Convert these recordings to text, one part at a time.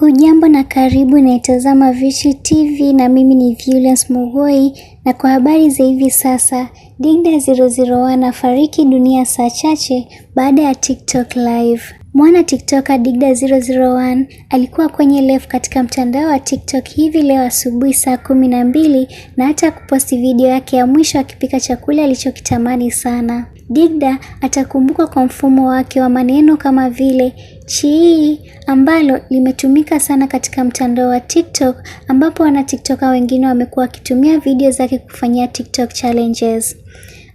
Hujambo na karibu naitazama Veushly TV na mimi ni Violence Mugoi, na kwa habari za hivi sasa, Digda 001 afariki dunia saa chache baada ya TikTok live. Mwana TikToker Digda 001 alikuwa kwenye live katika mtandao wa TikTok hivi leo asubuhi saa kumi na mbili na hata kuposti video yake ya mwisho akipika chakula alichokitamani sana. Digda atakumbuka kwa mfumo wake wa maneno kama vile chii ambalo limetumika sana katika mtandao wa TikTok ambapo wana wengine wamekuwa wakitumia video zake kufanyia TikTok challenges.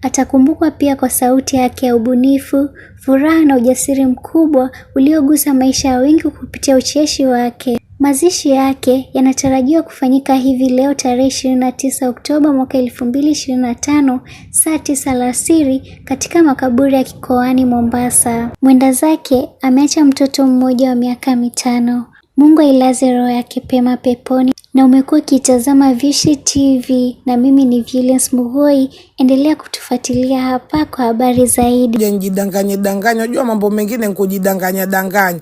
Atakumbukwa pia kwa sauti yake ya ubunifu, furaha na ujasiri mkubwa uliogusa maisha ya wengi kupitia ucheshi wake. Mazishi yake yanatarajiwa kufanyika hivi leo tarehe 29 Oktoba mwaka 2025 saa tisa alasiri katika makaburi ya Kikoani Mombasa. Mwenda zake ameacha mtoto mmoja wa miaka mitano. Mungu ailaze roho yake pema peponi na umekuwa ukitazama Veushly TV na mimi ni Violence Mugoi. Endelea kutufuatilia hapa kwa habari zaidi. Njidanganye danganya, unajua mambo mengine nikujidanganya danganya,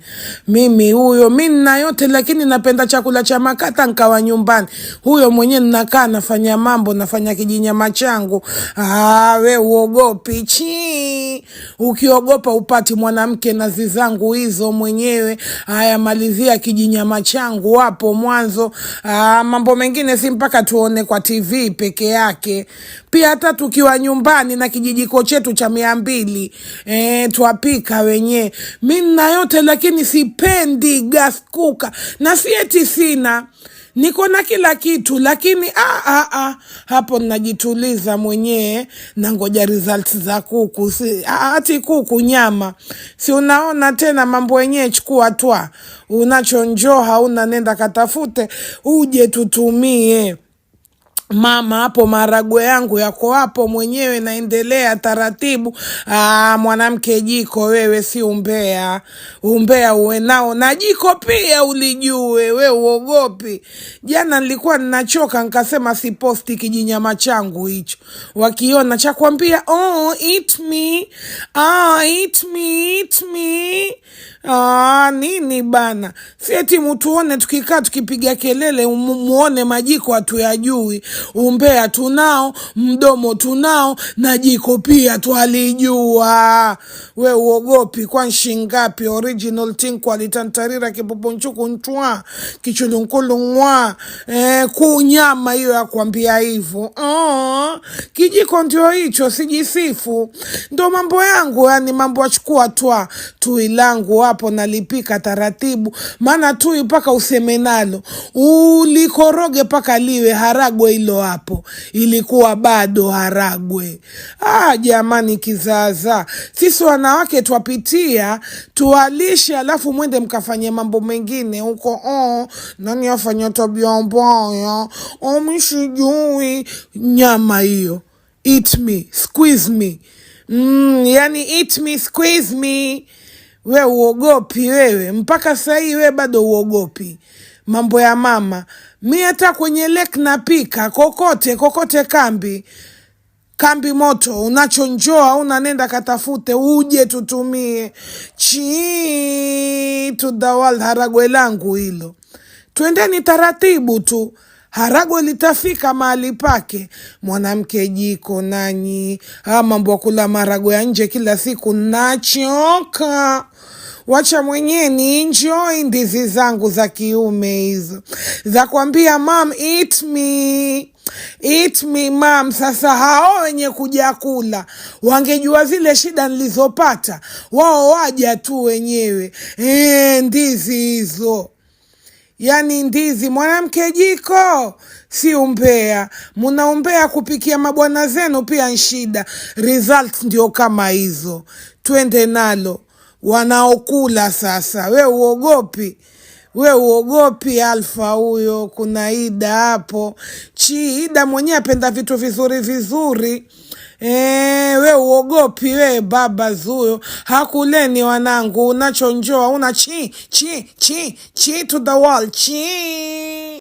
mimi huyo mi nina yote, lakini napenda chakula cha makata nkawa nyumbani. Huyo mwenyewe ninakaa nafanya mambo, nafanya kijinyama changu. Ah, we uogopi chi, ukiogopa upati mwanamke. Nazi zangu hizo mwenyewe, haya malizia kijinyama changu hapo mwanzo. Aa, ah, mambo mengine si mpaka tuone kwa TV peke yake. Pia hata tukiwa nyumbani na kijijiko chetu cha mia mbili e, twapika wenyewe. Mi nina yote lakini sipendi gas kuka, na sieti sina, niko na kila kitu lakini a, ah, a, ah, a. Ah hapo najituliza mwenyewe na ngoja results za kuku si, ati kuku nyama, si unaona tena mambo yenyewe. Chukua twa unachonjoa hauna, nenda katafute uje tutumie. Mama, hapo maragwe yangu yako hapo mwenyewe, naendelea taratibu. Aa, ah, mwanamke jiko wewe, si umbea. Umbea uwe nao na jiko pia ulijue, we uogopi. Jana nilikuwa ninachoka, nikasema siposti kijinyama changu hicho, wakiona cha kuambia oh, eat me. Ah, eat me, eat me. Aa, ah, nini bana, si eti mtuone tukikaa tukipiga kelele muone majiko hatuyajui. Umbea tunao, mdomo tunao, na jiko pia twalijua. We uogopi kwa nshingapi? Original thing kwalitantarira kipupunchuku ntwa kichulunkulungwa eh, kunyama hiyo ya kuambia hivyo oh, kijiko ndio hicho, sijisifu ndo mambo yangu, yani mambo achukua twa tuilangu hapo nalipika taratibu, maana tui mpaka useme nalo ulikoroge mpaka liwe haragwe. Hilo hapo ilikuwa bado haragwe. Ah, jamani, kizaza sisi wanawake twapitia, tuwalishe, alafu mwende mkafanye mambo mengine huko. Oh, nani afanya tabia mbaya? Omishijui oh, nyama hiyo, eat me squeeze me. Mm, yani eat me squeeze me we uogopi wewe, mpaka sahii hii we bado uogopi mambo ya mama. Mi hata kwenye na napika kokote kokote, kambi kambi moto unachonjoa unanenda katafute, uje tutumie chi to the world. Haragwe langu hilo, twendeni taratibu tu. Haragwe litafika mahali pake. Mwanamke jiko nanyi, ah, mambo ya kula maragwe ya nje kila siku nachoka. Wacha mwenyewe ni enjoy ndizi zangu za kiume hizo za kuambia mam eat me eat me mam. Sasa hao wenye kuja kula wangejua zile shida nilizopata, wao waja tu wenyewe. E, ndizi hizo yani ndizi. Mwanamke jiko si umbea, munaumbea kupikia mabwana zenu pia nshida. Result ndio kama hizo, twende nalo. Wanaokula sasa, we uogopi we uogopi Alfa huyo. Kuna Ida hapo chi Ida mwenyewe apenda vitu vizuri vizuri. E, uogopi we baba zuyo, hakuleni wanangu, unachonjoa una chi chi chi chi to the wall chi